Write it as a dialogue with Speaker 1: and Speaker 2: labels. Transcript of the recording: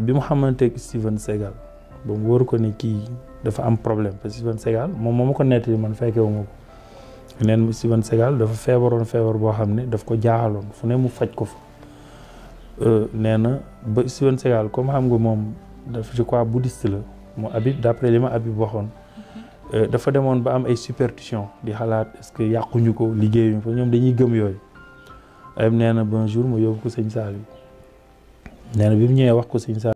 Speaker 1: bi mu xamanteeg Steven Seagal ba mu wóor ko ne kii dafa am problème parce que Steven Seagal moom moo ma ko nettali man fekke wu ma ko neen Steven Seagal dafa feebaroon feebar boo xam ne daf ko jaaxaloon fu ne mu faj ko fa euh, nee na ba Steven comme xam nga moom dafa je crois bouddhiste la mu Habib d'après li ma Habib waxoon euh, dafa demoon ba am ay superstition di xalaat est que yàquñu ko liggéeyuñu fa ñoom dañuy gëm yooyu ayib nee na bonjour ma yóbbu ko sëñ Saliou nee na bi mu ñëwee wax ko sëñ Saliou